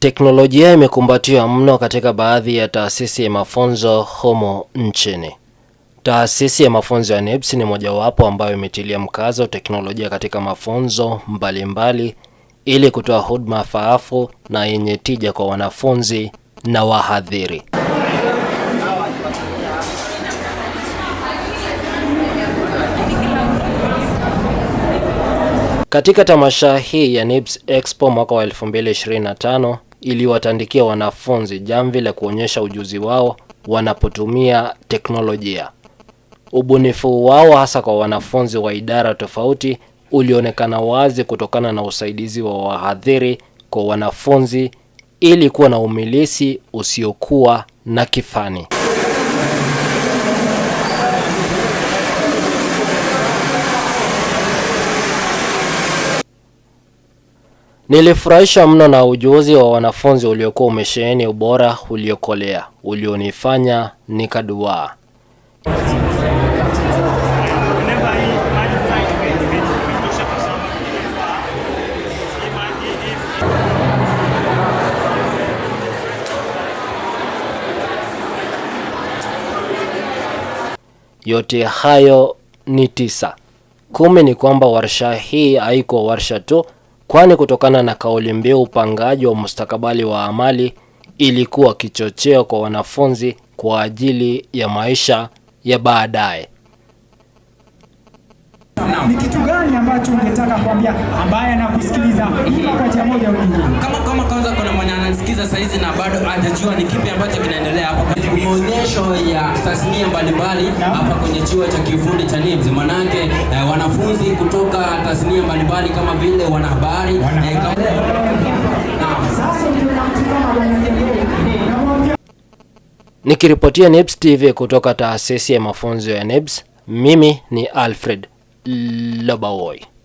Teknolojia imekumbatiwa mno katika baadhi ya taasisi ya mafunzo humo nchini. Taasisi ya mafunzo ya NEPS ni mojawapo ambayo imetilia mkazo teknolojia katika mafunzo mbalimbali mbali, ili kutoa huduma faafu na yenye tija kwa wanafunzi na wahadhiri. Katika tamasha hii ya NEPS Expo mwaka wa 2025 iliwatandikia wanafunzi jamvi la kuonyesha ujuzi wao wanapotumia teknolojia. Ubunifu wao hasa kwa wanafunzi wa idara tofauti ulionekana wazi kutokana na usaidizi wa wahadhiri kwa wanafunzi ili kuwa na umilisi usiokuwa na kifani. Nilifurahisha mno na ujuzi wa wanafunzi uliokuwa umesheheni ubora uliokolea ulionifanya nikaduaa. Yote hayo ni tisa. Kumi ni kwamba warsha hii haiko warsha tu kwani kutokana na kauli mbiu upangaji wa mustakabali wa amali ilikuwa kichocheo kwa wanafunzi kwa ajili ya maisha ya baadaye. Ni kitu gani ambacho ungetaka kuambia ambaye anakusikiliza kwa ya moja au Kama kama kwanza kuna mwenye anasikiza saa hizi na bado hajajua ni kipi ambacho kinaendelea hapa kwa Maonyesho ya tasnia mbalimbali hapa kwenye chuo cha kiufundi cha NIMS manake eh, wanafunzi kutoka tasnia mbalimbali kama vile wanahabari eh, Nikiripotia NEBS TV kutoka taasisi ya mafunzo ya NEBS, mimi ni Alfred Lobawoy.